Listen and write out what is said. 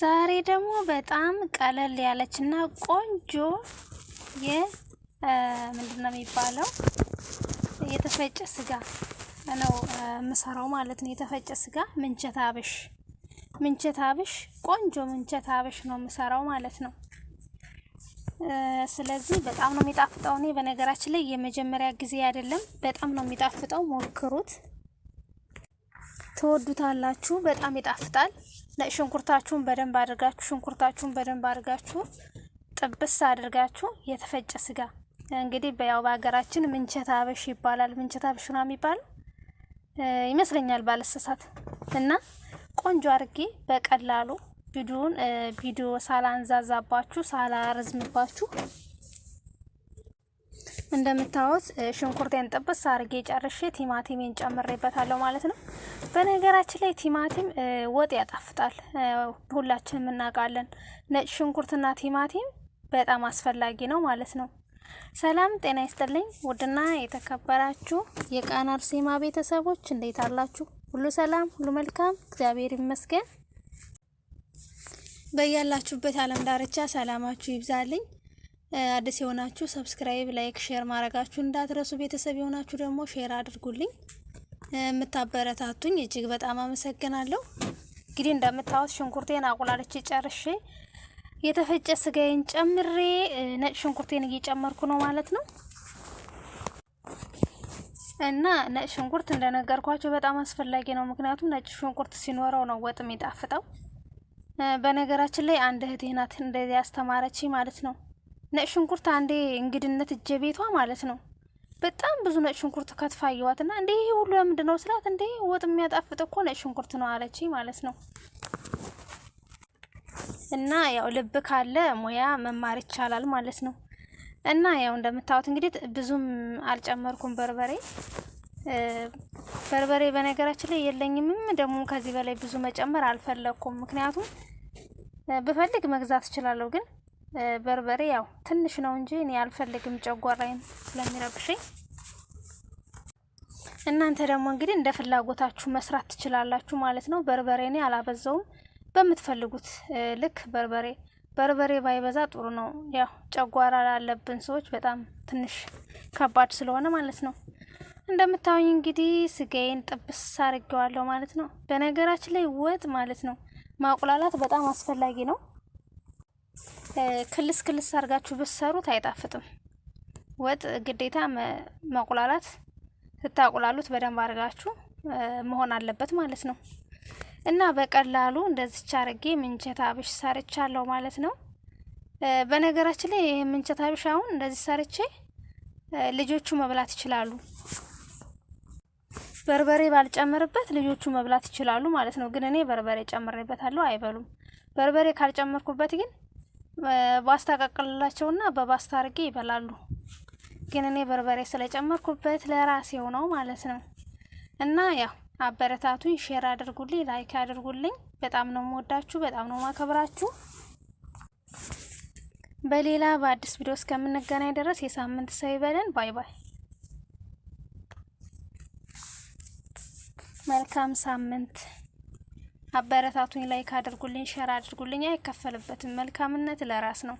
ዛሬ ደግሞ በጣም ቀለል ያለች እና ቆንጆ የምንድን ነው የሚባለው የተፈጨ ስጋ ነው የምሰራው ማለት ነው። የተፈጨ ስጋ ምንቸት አብሽ ምንቸት አብሽ ቆንጆ ምንቸት አብሽ ነው የምሰራው ማለት ነው። ስለዚህ በጣም ነው የሚጣፍጠው። እኔ በነገራችን ላይ የመጀመሪያ ጊዜ አይደለም፣ በጣም ነው የሚጣፍጠው። ሞክሩት። ትወዱታላችሁ። በጣም ይጣፍጣል። ነጭ ሽንኩርታችሁን በደንብ አድርጋችሁ ሽንኩርታችሁን በደንብ አድርጋችሁ ጥብስ አድርጋችሁ የተፈጨ ስጋ እንግዲህ በያው በሀገራችን ምንቸት አበሽ ይባላል። ምንቸት አበሽ ነው የሚባለው ይመስለኛል ባለሰሳት እና ቆንጆ አድርጌ በቀላሉ ቪዲዮን ቪዲዮ ሳላንዛዛባችሁ ሳላረዝምባችሁ እንደምታዩት ሽንኩርቴን ጥብስ አርጌ ጨርሼ ቲማቲሜን ጨምሬበታለሁ ማለት ነው። በነገራችን ላይ ቲማቲም ወጥ ያጣፍጣል፣ ሁላችንም እናውቃለን። ነጭ ሽንኩርትና ቲማቲም በጣም አስፈላጊ ነው ማለት ነው። ሰላም ጤና ይስጥልኝ። ውድና የተከበራችሁ የቃና አርሴማ ቤተሰቦች እንዴት አላችሁ? ሁሉ ሰላም፣ ሁሉ መልካም፣ እግዚአብሔር ይመስገን። በያላችሁበት ዓለም ዳርቻ ሰላማችሁ ይብዛልኝ። አዲስ የሆናችሁ ሰብስክራይብ፣ ላይክ፣ ሼር ማድረጋችሁ እንዳትረሱ። ቤተሰብ የሆናችሁ ደግሞ ሼር አድርጉልኝ። የምታበረታቱኝ እጅግ በጣም አመሰግናለሁ። እንግዲህ እንደምታዩት ሽንኩርቴን አቁላልቼ ጨርሼ የተፈጨ ስጋዬን ጨምሬ ነጭ ሽንኩርቴን እየጨመርኩ ነው ማለት ነው። እና ነጭ ሽንኩርት እንደነገርኳቸው በጣም አስፈላጊ ነው። ምክንያቱም ነጭ ሽንኩርት ሲኖረው ነው ወጥ የሚጣፍጠው። በነገራችን ላይ አንድ እህቴ ናት እንደዚህ ያስተማረች ማለት ነው። ነጭ ሽንኩርት አንዴ እንግድነት እጀቤቷ ቤቷ ማለት ነው በጣም ብዙ ነጭ ሽንኩርት ከትፋ ና እንዴ ይሄ ሁሉ ለምንድን ነው ስላት እንዴ ወጥ የሚያጣፍጥ እኮ ነጭ ሽንኩርት ነው አለች ማለት ነው። እና ያው ልብ ካለ ሙያ መማር ይቻላል ማለት ነው። እና ያው እንደምታዩት እንግዲህ ብዙም አልጨመርኩም በርበሬ በርበሬ በነገራችን ላይ የለኝምም ደግሞ ከዚህ በላይ ብዙ መጨመር አልፈለኩም። ምክንያቱም ብፈልግ መግዛት እችላለሁ ግን በርበሬ ያው ትንሽ ነው እንጂ እኔ አልፈልግም ጨጓራዬን ስለሚረብሽኝ። እናንተ ደግሞ እንግዲህ እንደ ፍላጎታችሁ መስራት ትችላላችሁ ማለት ነው። በርበሬ እኔ አላበዛውም፣ በምትፈልጉት ልክ በርበሬ በርበሬ ባይበዛ ጥሩ ነው። ያው ጨጓራ ላለብን ሰዎች በጣም ትንሽ ከባድ ስለሆነ ማለት ነው። እንደምታዩኝ እንግዲህ ስጋዬን ጥብስ አድርጌዋለሁ ማለት ነው። በነገራችን ላይ ወጥ ማለት ነው ማቁላላት በጣም አስፈላጊ ነው። ክልስ ክልስ አድርጋችሁ ብትሰሩት አይጣፍጥም። ወጥ ግዴታ መቁላላት ስታቁላሉት በደንብ አድርጋችሁ መሆን አለበት ማለት ነው። እና በቀላሉ እንደዚች አርጌ ምንቸት አብሽ ሰርቻለሁ ማለት ነው። በነገራችን ላይ ይህ ምንቸት አብሽ አሁን እንደዚህ ሰርቼ ልጆቹ መብላት ይችላሉ። በርበሬ ባልጨምርበት ልጆቹ መብላት ይችላሉ ማለት ነው። ግን እኔ በርበሬ ጨምሬበታለሁ፣ አይበሉም። በርበሬ ካልጨመርኩበት ግን ባስታቀቅልላቸውና በባስታ አርጌ ይበላሉ። ግን እኔ በርበሬ ስለጨመርኩበት ለራሴ ሆነው ማለት ነው። እና ያው አበረታቱኝ፣ ሼር አድርጉልኝ፣ ላይክ አድርጉልኝ። በጣም ነው የምወዳችሁ፣ በጣም ነው ማከብራችሁ። በሌላ በአዲስ ቪዲዮ እስከምንገናኝ ድረስ የሳምንት ሰው ይበለን። ባይ ባይ። መልካም ሳምንት አበረታቱኝ፣ ላይክ አድርጉልኝ፣ ሸር አድርጉልኝ። አይከፈልበትም። መልካምነት ለራስ ነው።